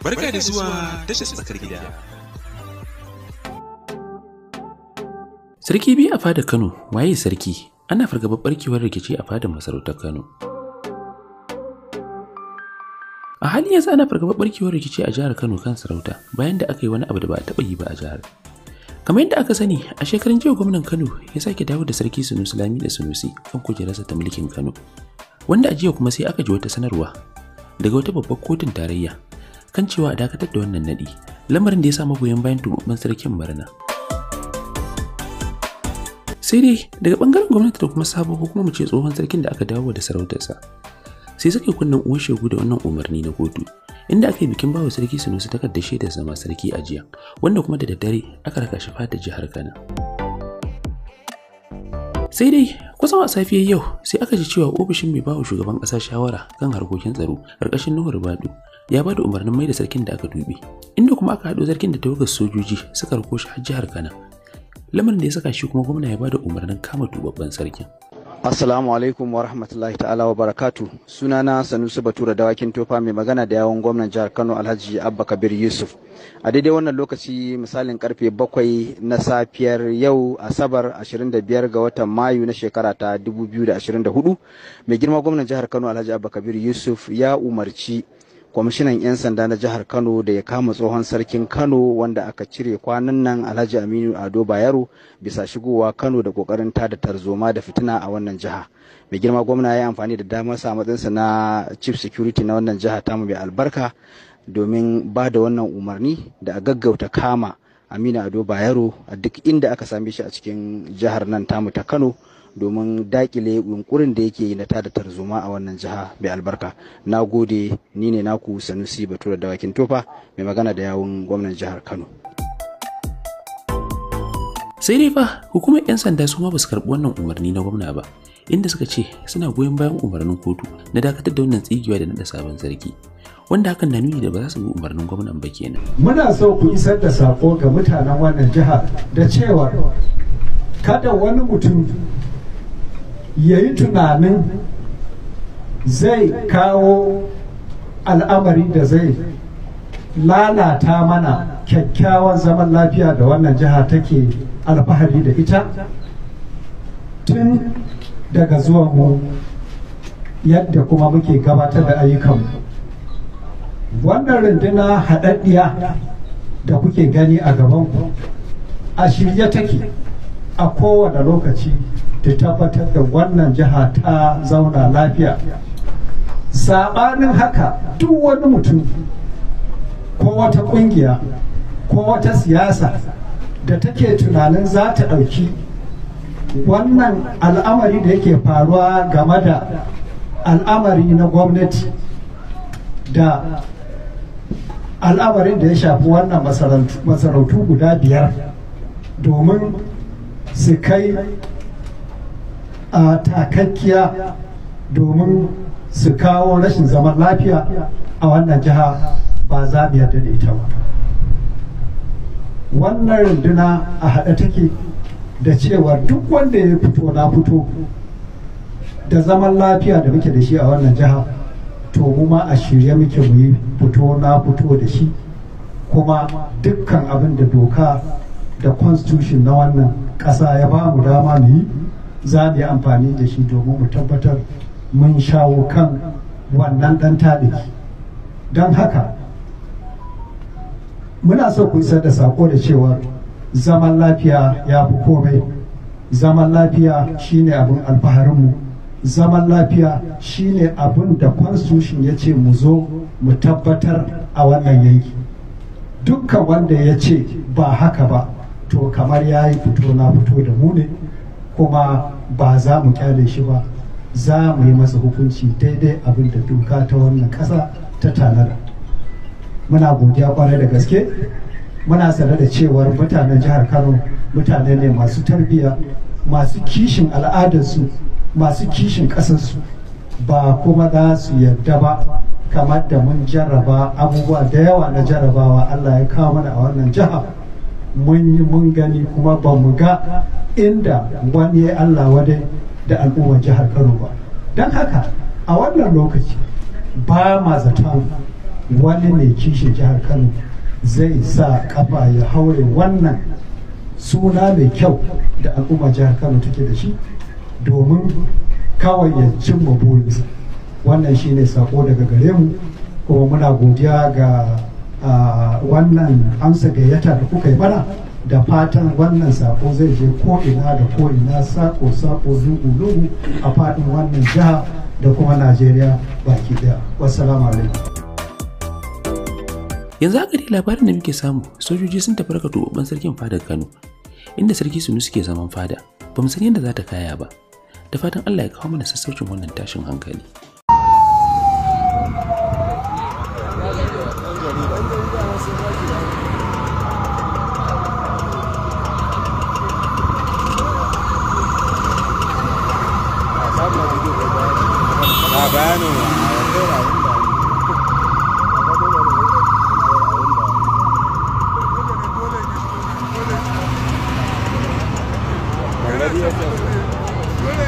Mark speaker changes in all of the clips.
Speaker 1: Barka da zuwa tashar tsakar gida. Sarki biyu a fada Kano, waye sarki? Ana fargabar barkewar rikici a fadar masarautar Kano. A halin yanzu ana fargaba barkewar rikici a jihar Kano kan sarauta bayan da aka yi wani abu da ba a taɓa yi ba a jihar. Kamar yadda aka sani, a shekarun jiya gwamnan Kano ya sake dawo da sarki Sunusi Lami da Sunusi kan kujerarsa ta mulkin Kano. Wanda a jiya kuma sai aka ji wata sanarwa daga wata babbar kotun tarayya kan cewa a dakatar da wannan nadi, lamarin da ya sa goyon bayan tumɓaɓɓen sarkin murna. sai dai daga bangaren gwamnati da kuma sabo ko kuma mu ce tsohon sarkin da aka dawo da sarautarsa sai suka kunnen uwan shegu da wannan umarni na kotu inda aka yi bikin bawa sarki su sunusu takardar da zama sarki a jiya wanda kuma da daddare aka raka shi fata jihar kano sai dai kusan a safiyar yau sai aka ji cewa ofishin mai bawa shugaban ƙasa shawara kan harkokin tsaro ƙarƙashin nuhu rubadu ya ba da umarnin mai da sarkin da aka dubi inda kuma aka haɗo sarkin da tawagar sojoji suka rako shi har jihar Kano lamarin da ya saka shi kuma gwamna ya ba da umarnin kama tubabban sarkin
Speaker 2: Assalamu alaikum wa rahmatullahi ta'ala wa barakatu sunana Sanusi Batura dawakin tofa mai magana da yawon gwamnan jihar Kano Alhaji Abba Kabir Yusuf a daidai wannan lokaci misalin karfe bakwai na safiyar yau asabar 25 ga watan mayu na shekara ta 2024 mai girma gwamnan jihar Kano Alhaji Abba Kabir Yusuf ya umarci kwamishinan 'yan sanda na jihar kano da ya kama tsohon sarkin kano wanda aka cire kwanan nan alhaji aminu ado bayero bisa shigowa kano da kokarin tada tarzoma da fitina a wannan jiha mai girma gwamna ya yi amfani da damar sa matsinsa na chief security na wannan jiha tamu mai albarka domin ba da wannan umarni da a gaggauta kama aminu ado bayero a duk inda aka same shi a cikin jihar nan tamu ta kano domin dakile yunkurin da yake yi na tada tarzoma a wannan jiha mai albarka na gode ni ne naku sanusi da dawakin tofa mai magana da yawun gwamnan jihar kano
Speaker 1: sai dai fa hukumar 'yan sanda su ma ba su karɓi wannan umarni na gwamna ba inda suka ce suna goyon bayan umarnin kotu na dakatar da wannan tsigiwa da naɗa sabon zargi wanda hakan na nuni da ba za su bi umarnin gwamnan ba kenan.
Speaker 3: muna so ku isar da sako ga mutanen wannan jiha da cewa kada wani mutum Yayi tunanin zai kawo al'amari da zai lalata mana kyakkyawan zaman lafiya da wannan jiha take alfahari da ita tun daga mu yadda kuma muke gabatar da ayyukanmu wannan runduna haɗaɗɗiya da kuke gani a gabanku a shirye take a kowane lokaci ta tabbatar da wannan jiha ta zauna lafiya saɓanin haka duk wani mutum ko wata ƙungiya ko wata siyasa da take tunanin za ta ɗauki wannan al'amari da yake faruwa game da al'amari na gwamnati da al'amarin da ya shafi wannan masarautu guda biyar domin su kai a takakkiya domin su kawo rashin zaman lafiya a wannan jiha ba za mu yarda da ita ba wannan runduna a haɗe take da cewa duk wanda ya fito na fito da zaman lafiya da muke da shi a wannan jiha to mu ma a shirye muke mu yi fito na fito da shi kuma dukkan abin da doka da constitution na wannan ƙasa ya ba mu dama mu yi za mu yi amfani da shi domin mu tabbatar mun shawo kan wannan ɗan taɗi don haka muna so ku isar da sako da cewa zaman lafiya ya fi komai zaman lafiya shine abin alfaharinmu zaman lafiya shine abin da constitution ya ce mu zo mu tabbatar a wannan yanki dukkan wanda ya ce ba haka ba to kamar ya yi fito na fito da mu ne kuma ba za mu kyale shi ba za mu yi masa hukunci daidai abin da doka ta wannan ƙasa ta tanada muna godiya kwarai da gaske muna sanar da cewar mutanen jihar kano mutane ne masu tarbiyya masu kishin al'adarsu masu kishin ƙasarsu ba kuma za su yarda ba kamar da mun jarraba abubuwa da yawa na jarrabawa allah ya kawo mana a wannan jihar. mun yi mun gani kuma ba mu ga inda wani ya Allah wadai da al'ummar jihar Kano ba don haka a wannan lokaci ba ma zaton wani mai kishi jihar Kano zai sa kafa ya haure wannan suna mai kyau da al'ummar jihar Kano take da shi domin kawai ya cimma burinsa wannan shine sako daga gare mu kuma muna godiya ga wannan amsa gayyata da kuka yi bana da fatan wannan sako zai je ko'ina da ko'ina sako-sako lungu lugu a faɗin wannan jiha da kuma najeriya baki daya wassalamu alaikum
Speaker 1: yanzu haka dai labarin da muke samu sojoji sun tafi raka sarkin fada kano inda sarki sunu suke zaman fada ba mu san yadda za ta kaya ba da fatan allah ya kawo mana sassaucin wannan tashin hankali wani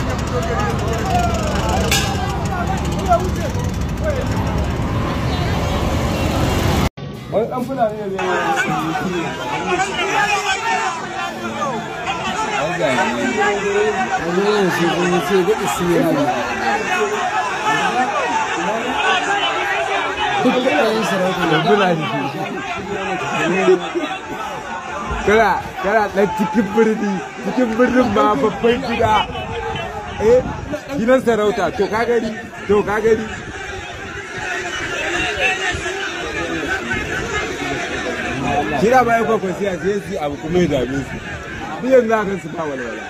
Speaker 1: Kana, ɗan cikin birni, cikin birnin ma babban gida. eh gidan sarauta to ka gani to ka gani kira ba ya kwakwa siya a je su abu kuma ya dame su
Speaker 4: duk yanzu akan su ba walwala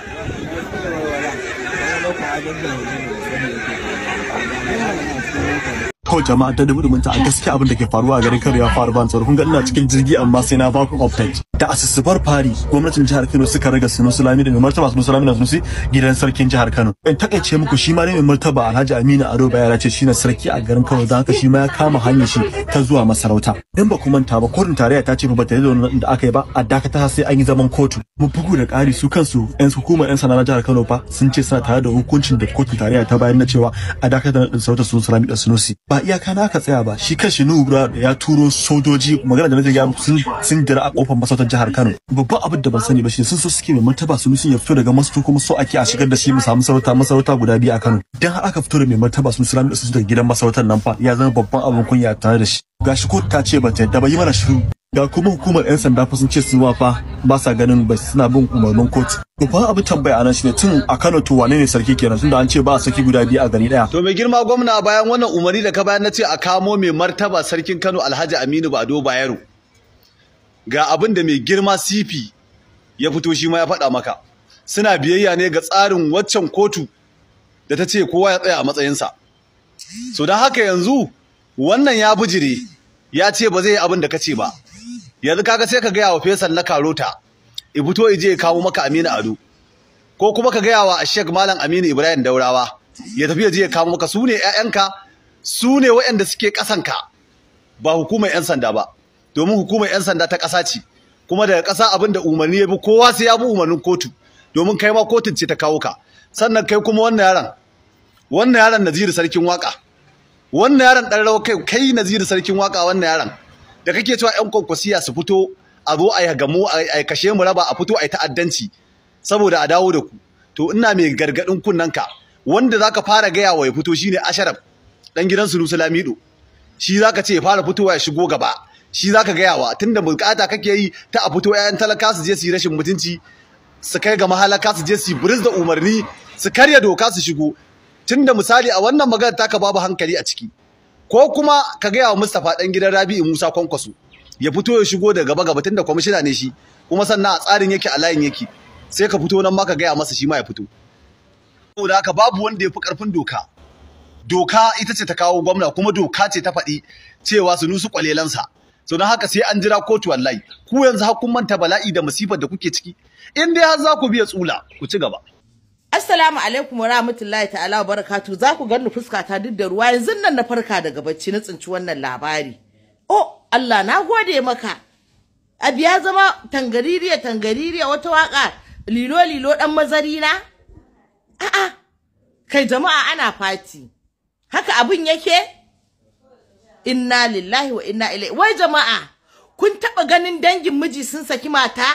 Speaker 4: kawai jama'a ta dubu dubu ta gaskiya abin da ke faruwa a garin kano ya faru ban tsoro kun ga ina cikin jirgi amma sai na baku update da asusufar fari gwamnatin jihar Kano suka raga Sino Sulami da mai martaba Sino Sulami da Sunusi gidan sarkin jihar Kano in takaice muku shi ma ne mai martaba Alhaji Aminu Ado ya ce shine sarki a garin Kano don haka shi ma ya kama hanyar shi ta zuwa masarauta in ba ku manta ba kotun tarayya ta ce ba ta yi da aka yi ba a dakata sai an yi zaman kotu mu bugu da ƙari su kansu 'yan hukumar 'yan sana na jihar Kano fa sun ce suna tare da hukuncin da kotun tarayya ta bayar na cewa a dakatar da sarautar sun Sulami da sunusi ba iyaka na aka tsaya ba shi kan shi ya turo sojoji magana da na ya sun dira a kofar masarautar jihar Kano babban abin da ban sani ba shi sun so suke mai martaba sun ya fito daga Moscow kuma so ake a shigar da shi mu samu sarauta masarauta guda biyu a Kano dan aka fito da mai martaba sun Ramin su daga gidan masarautar nan fa ya zama babban abin kunya tare da shi gashi ko ta ce ba ta yadda ba yi mana shiru ga kuma hukumar 'yan sanda fa sun ce su fa ba sa ganin ba suna bin umarnin kotu to fa abu tambaya nan shine tun a Kano to wane ne sarki kenan tunda an ce ba saki
Speaker 5: guda biyu a gari daya to mai girma gwamna bayan wannan umarni da ka bayar na ce a kamo mai martaba sarkin Kano Alhaji Aminu Bado Bayero ga abin da mai girma sifi ya fito shi ma ya faɗa maka suna biyayya ne ga tsarin waccan kotu da ta ce kowa ya tsaya a matsayinsa so don haka yanzu wannan ya bijire ya ce ba zai yi abin da ka ce ba yanzu kaga sai ka gaya wa fesan na karota i fito ije ya kawo maka aminu ado ko kuma ka gaya wa ashek malam aminu ibrahim daurawa ya tafi je ya kawo maka su ne 'ya'yanka su ne waɗanda suke ƙasanka ba hukumar 'yan sanda ba domin hukumar 'yan sanda ta ƙasa ce kuma daga ƙasa abin da umarni ya bi kowa sai ya bi umarnin kotu domin kai ma kotun ce ta kawo ka sannan kai kuma wannan yaron wannan yaron Naziru sarkin waka wannan yaron ɗan rawa kai kai Naziru sarkin waka wannan yaron da kake cewa 'yan kwankwasiya su fito a zo a gamo a kashe mu raba a fito a yi ta'addanci saboda a dawo da ku to ina mai gargadin kunnen-ka. wanda zaka fara gaya wa ya fito shine Asharaf dan gidan Sulusu Lamido shi zaka ce ya fara fitowa ya shigo gaba shi za ka gayawa tunda bukata kake yi ta a fito 'ya'yan talaka su je su yi rashin mutunci su kai ga mahalaka su je su yi buris da umarni su karya doka su shigo tunda misali a wannan magana taka babu hankali a ciki ko kuma ka gaya wa Mustapha dan gidan Rabi'u Musa Kwankwaso ya fito ya shigo da gaba gaba tunda kwamishina ne shi kuma sannan a tsarin yake a layin yake sai ka fito nan ma ka gaya masa shi ma ya fito saboda haka babu wanda ya fi karfin doka doka ita ce ta kawo gwamna kuma doka ce ta faɗi cewa su nusu kwalelansa so don haka sai an jira kotu wallahi ku yanzu har kun manta bala'i da musibar da kuke ciki in dai har za ku biya tsula ku ci gaba
Speaker 6: Assalamu alaikum wa rahmatullahi ta'ala wa barakatu za ku ganni fuska ta duk da ruwa yanzu nan na farka daga bacci na tsinci wannan labari oh Allah na gode maka A biya zama tangaririya tangaririya wata waka lilo lilo dan mazari na a'a kai jama'a ana fati haka abin yake inna lillahi wa inna ilaihi wai jama'a kun taba ganin dangin miji sun saki mata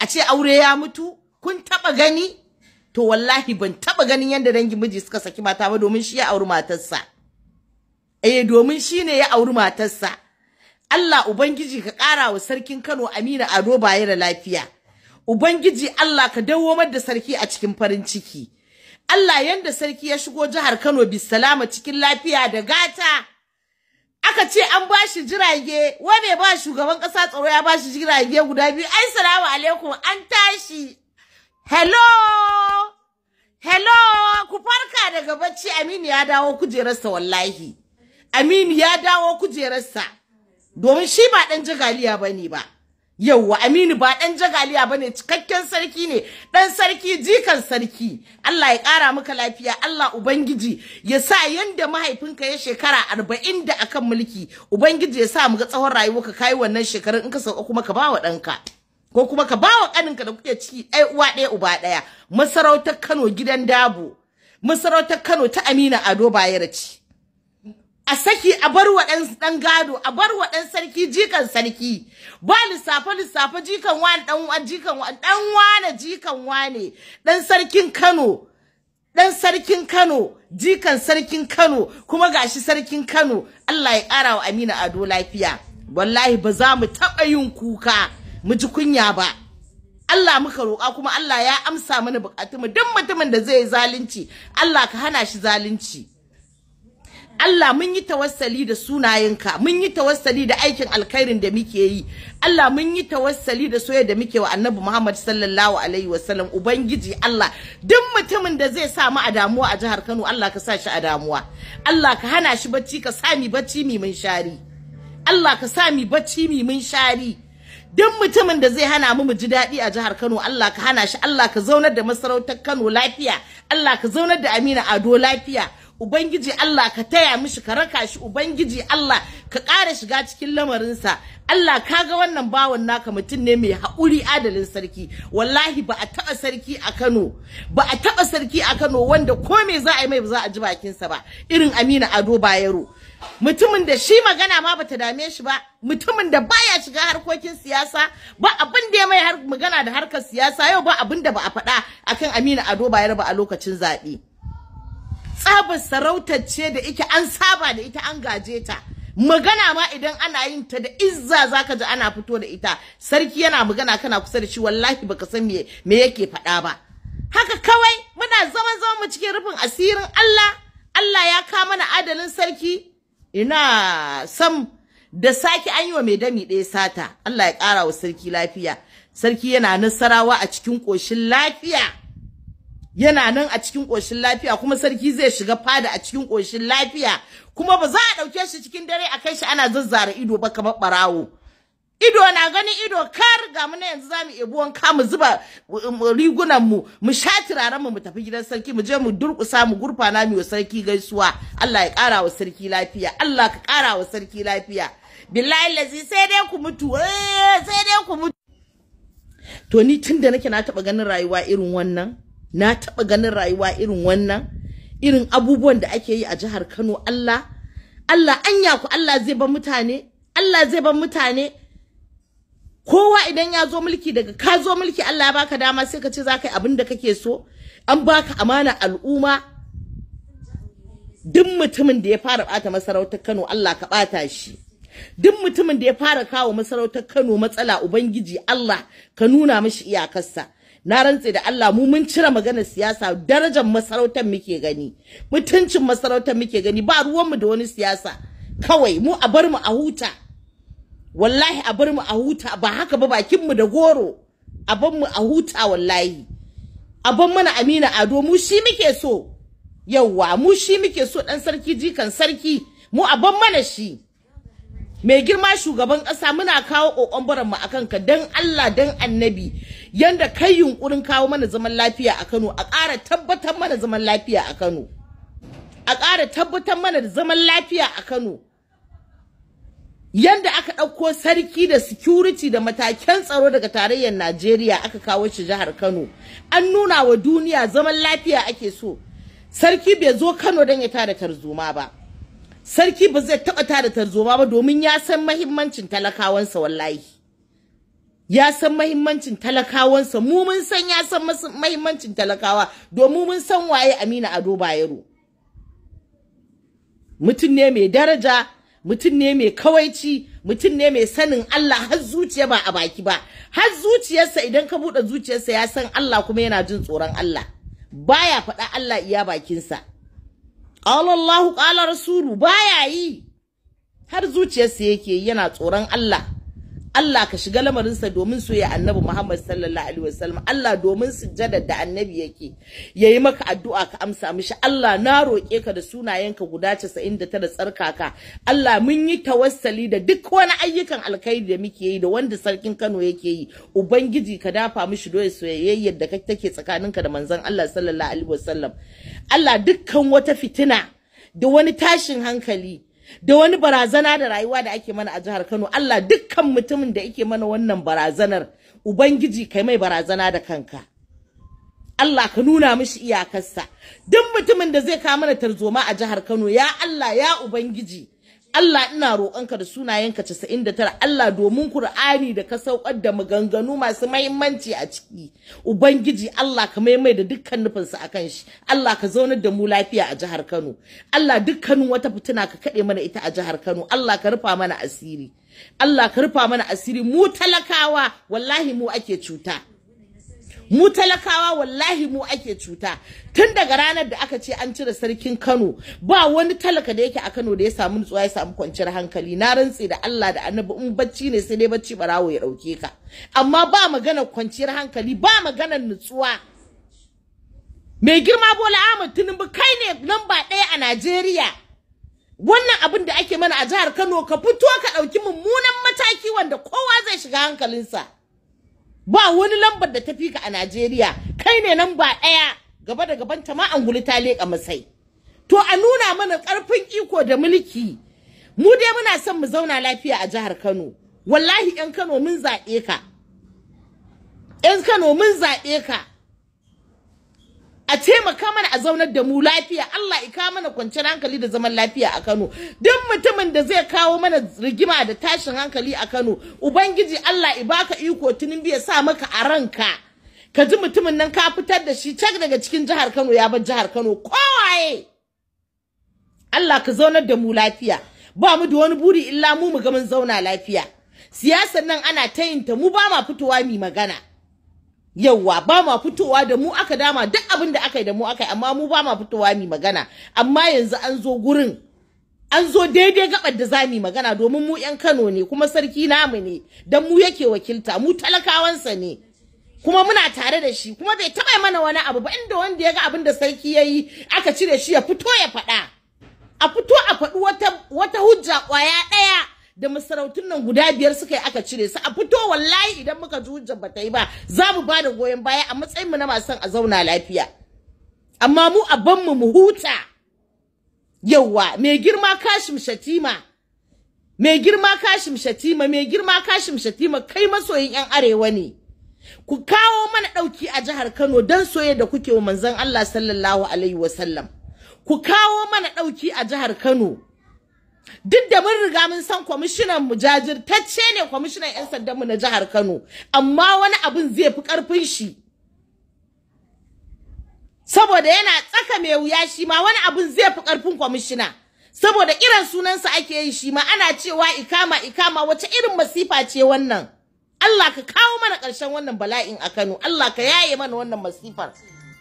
Speaker 6: a ce aure ya mutu kun taba gani to wallahi ban taba ganin yadda dangin miji suka saki mata ba domin shi ya auri matarsa eh domin shi ne ya auri matarsa Allah ubangiji ka kara wa sarkin Kano Amina Ado da lafiya ubangiji Allah ka dawomar da sarki a cikin farin ciki Allah yanda sarki ya shigo jihar Kano bisalama cikin lafiya da gata aka ce an ba shi jirage wane bai ba shugaban kasa tsaro ya ba shi jirage guda biyu ai salamu alaikum an tashi hello hello ku farka daga bacci aminu ya dawo kujerarsa wallahi aminu ya dawo kujerarsa domin shi ba dan jigaliya bane ba yauwa aminu ba ɗan jagaliya ba ne. cikakken sarki ne Ɗan sarki jikan sarki Allah ya kara maka lafiya Allah ubangiji ya sa yanda mahaifinka ya shekara arba'in da akan mulki ubangiji ya sa mu ga tsawon rayuwarka kai wannan shekarun in ka sauka kuma ka bawa ɗanka, ko kuma ka bawa kaninka da kuke ciki ɗaya uwa ɗaya uba ɗaya masarautar Kano gidan dabo masarautar Kano ta Amina Ado Bayero ci a saki a bar wa ɗan gado a bar wa ɗan sarki jikan sarki ba lissafe lissafe jikan wani ɗan jikan ɗan wane jikan wane ɗan sarkin Kano ɗan sarkin Kano jikan sarkin Kano kuma gashi sarkin Kano Allah ya ƙara wa Amina Ado lafiya wallahi ba za mu taɓa yin kuka mu ji kunya ba Allah muka roƙa kuma Allah ya amsa mana buƙatunmu duk mutumin da zai zalunci Allah ka hana shi zalunci Allah mun yi tawassali da sunayenka mun yi tawassali da aikin alkhairin da muke yi Allah mun yi tawassali da soyayya da muke wa Annabi Muhammad sallallahu alaihi wasallam ubangiji Allah duk mutumin da zai sa mu a damuwa a jihar Kano Allah ka sa shi a damuwa Allah ka hana shi bacci ka sa mi bacci mi mun shari Allah ka sa mi bacci mi mun shari duk mutumin da zai hana mu mu ji daɗi a jihar Kano Allah ka hana shi Allah ka zaunar da masarautar Kano lafiya Allah ka zaunar da Amina Ado lafiya ubangiji Allah ka taya mishi ka raka shi ubangiji Allah ka ƙara shiga cikin lamarinsa Allah ka ga wannan bawan naka mutum ne mai haƙuri adalin sarki wallahi ba a taɓa sarki a Kano ba a taɓa sarki a Kano wanda ko me za a yi mai ba za a ji bakinsa ba irin Amina Ado Bayero mutumin da shi magana ma bata dame shi ba mutumin da baya shiga harkokin siyasa ba abin da ya mai magana da harkar siyasa yau ba abin da ba a faɗa akan Amina Ado Bayero ba a lokacin zaɓe. tsabar sarautar ce da ita an saba da ita an gaje ta magana ma idan ana yin ta da izza zaka ji ana fito da ita sarki yana magana kana kusa da shi wallahi baka san me me yake faɗa ba haka kawai muna zaman zaman mu cikin rufin asirin Allah Allah ya ka mana adalin sarki ina sam da saki an yi wa mai dami ɗaya sata Allah ya ƙara wa sarki lafiya sarki yana nasarawa a cikin ƙoshin lafiya yana nan a cikin ƙoshin lafiya kuma sarki zai shiga fada a cikin koshin lafiya kuma ba za a ɗauke shi cikin dare a kai shi ana zazzara ido ba kamar ɓarawo ido na gani ido kar ga mu na yanzu zamu ebo wanka mu zuba um, rigunan mu mu sha turaren mu mu tafi gidan sarki mu je mu durƙusa mu gurfana mu sarki gaisuwa Allah ya ƙara wa sarki lafiya Allah ka ƙara wa sarki lafiya billahi lazi sai dai ku mutu eh, sai dai ku mutu to ni tunda nake na taɓa ganin rayuwa irin wannan na taɓa ganin rayuwa irin wannan irin abubuwan da ake yi a jihar Kano Allah Allah anya ku Allah zai ba mutane Allah zai ba mutane kowa idan ya zo mulki daga ka zo mulki Allah ya baka dama sai ka ce za ka yi abin da kake so an baka amana al'umma duk mutumin da ya fara bata masarautar Kano Allah ka bata shi duk mutumin da ya fara kawo masarautar Kano matsala ubangiji Allah ka nuna mishi iyakarsa na rantse da Allah mu mun cire maganar siyasa darajar masarautar muke gani mutuncin masarautar muke gani ba ruwanmu da wani siyasa kawai mu a bar mu a huta wallahi a bar mu a huta ba haka ba bakin mu da goro a bar mu a huta wallahi a bar mana Amina Ado mu shi muke so yawwa mu shi muke so dan sarki jikan sarki mu a bar mana shi mai girma shugaban ƙasa muna kawo ƙoƙon mu akan ka dan Allah dan annabi yanda kai yunkurin kawo mana zaman lafiya a Kano a ƙara tabbatar mana zaman lafiya a Kano a ƙara tabbatar mana da zaman lafiya a Kano yanda aka ɗauko sarki da security da matakin tsaro daga tarayyar Najeriya aka kawo shi jihar Kano an nuna wa duniya zaman lafiya ake so sarki bai zo Kano don ya tada tarzoma ba sarki ba zai taɓa tada tarzoma ba domin ya san mahimmancin talakawansa wallahi ya san mahimmancin talakawansa mu mun san ya san mahimmancin talakawa domin mun san waye Amina Ado Bayero mutum ne mai daraja mutum ne mai kawaici mutum ne mai sanin Allah har zuciya ba a baki ba har zuciyarsa idan ka buɗe zuciyarsa ya san Allah kuma yana jin tsoron Allah baya faɗa Allah iya bakinsa qala Allahu qala rasulu baya yi har zuciyarsa yake yana tsoron Allah Allah ka shiga lamarinsa domin soyayya annabi Muhammad sallallahu alaihi wasallam Allah domin sujjadar da annabi yake yayi maka addu'a ka amsa mishi Allah na roƙe ka da sunayenka guda 99 tsarkaka Allah mun yi tawassali da duk wani ayyukan alkhairi da muke yi da wanda sarkin Kano yake yi ubangiji ka dafa mishi doye soyayyar da take tsakaninka da manzon Allah sallallahu alaihi wasallam Allah dukkan wata fitina da wani tashin hankali da wani barazana da rayuwa da ake mana a jihar Kano Allah dukkan mutumin da yake mana wannan barazanar ubangiji kai mai barazana da kanka Allah ka nuna mishi iyakarsa duk mutumin da zai kawo mana tarzoma a jihar Kano ya Allah ya ubangiji Allah ina roƙonka da sunayenka 99 Allah domin Kur'ani da ka saukar da maganganu masu mahimmanci a ciki ubangiji Allah ka maimai da dukkan nufinsa akan shi Allah ka zaunar da mu lafiya a jihar Kano Allah dukkanin wata fitina ka kaɗe mana ita a jihar Kano Allah ka rufa mana asiri Allah ka rufa mana asiri mu talakawa wallahi mu ake cuta mu talakawa wallahi mu ake cuta tun daga ranar da aka ce an cire sarkin Kano ba wani talaka da yake a Kano da ya samu nutsuwa ya samu kwanciyar hankali na rantse da Allah da Annabi in bacci ne sai dai bacci barawo ya ɗauke ka amma ba magana kwanciyar hankali ba magana nutsuwa mai girma Bola Ahmad Tinubu kai ne lamba ɗaya a Najeriya wannan abin da ake mana a jihar Kano ka fito ka ɗauki mummunan mataki wanda kowa zai shiga hankalinsa ba wani lambar da ta fi ka a Najeriya kai ne lamba ɗaya gaba da gaban ta ma Angulu ta leƙa masai to a nuna mana ƙarfin iko da mulki mu dai muna son mu zauna lafiya a jihar Kano wallahi ƴan Kano mun zaɓe ka 'yan Kano mun zaɓe ka a taimaka mana a zaunar da mu lafiya Allah ika mana kwanciyar hankali da zaman lafiya a Kano duk mutumin da zai kawo mana rigima da tashin hankali a Kano ubangiji Allah ya baka iko tunin biya sa maka a ranka ka ji mutumin nan ka fitar da shi cak daga cikin jihar Kano ya bar jihar Kano kowaye Allah ka zaunar da mu lafiya ba mu da wani buri illa mu mu ga mun zauna lafiya siyasar nan ana tayinta mu ba ma fitowa mi magana yauwa ba ma fitowa da mu aka dama duk abin da aka yi da mu aka yi amma mu ba ma fitowa mu magana amma yanzu an zo gurin an zo daidai gabar da za mu magana domin mu yan Kano ne kuma sarki namu ne dan mu yake wakilta mu talakawansa ne kuma muna tare da shi kuma bai taba mana wani abu ba inda wanda ya ga abin da sarki yayi aka cire shi ya fito ya faɗa a fito a faɗi wata wata hujja kwaya ɗaya da masarautun nan guda biyar suka yi aka cire su a fito wallahi idan muka ji hujjar ba ta yi ba za mu ba da goyon baya a matsayin mu na masu son a zauna lafiya amma mu a ban mu mu huta yawa mai girma kashim shatima mai girma kashim shatima mai girma kashim shatima kai masoyin yan arewa ne ku kawo mana ɗauki a jihar Kano don soye da kuke wa manzon Allah sallallahu alaihi wasallam ku kawo mana ɗauki a jihar Kano duk da mun riga mun san kwamishinan mu jajirtacce ne kwamishinan 'yan mu na jihar Kano amma wani abin zai fi karfin shi saboda yana tsaka mai wuya shi ma wani abin zai fi karfin kwamishina saboda irin sunansa ake yi shi ma ana cewa ikama ikama wace irin masifa ce wannan Allah ka kawo mana ƙarshen wannan bala'in a Kano Allah ka yaye mana wannan masifar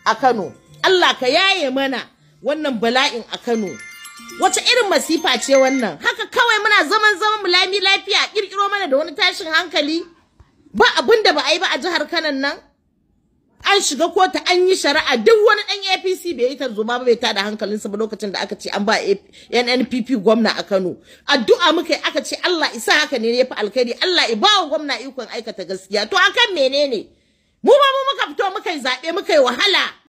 Speaker 6: a Kano Allah ka yaye mana wannan bala'in a Kano wace irin masifa ce wannan haka kawai muna zaman zaman mu lami lafiya a kirkiro mana da wani tashin hankali ba abin da ba a yi ba a jihar kanan nan an shiga kotu an yi shari'a duk wani ɗan APC bai yi tarzoma ba bai tada hankalinsa ba lokacin da aka ce an ba NNPP gwamna a Kano addu'a muka yi aka ce Allah isa haka ne ya fi alkhairi Allah ya bawa gwamna ikon aikata gaskiya to akan menene mu ba mu muka fito muka yi zaɓe muka yi wahala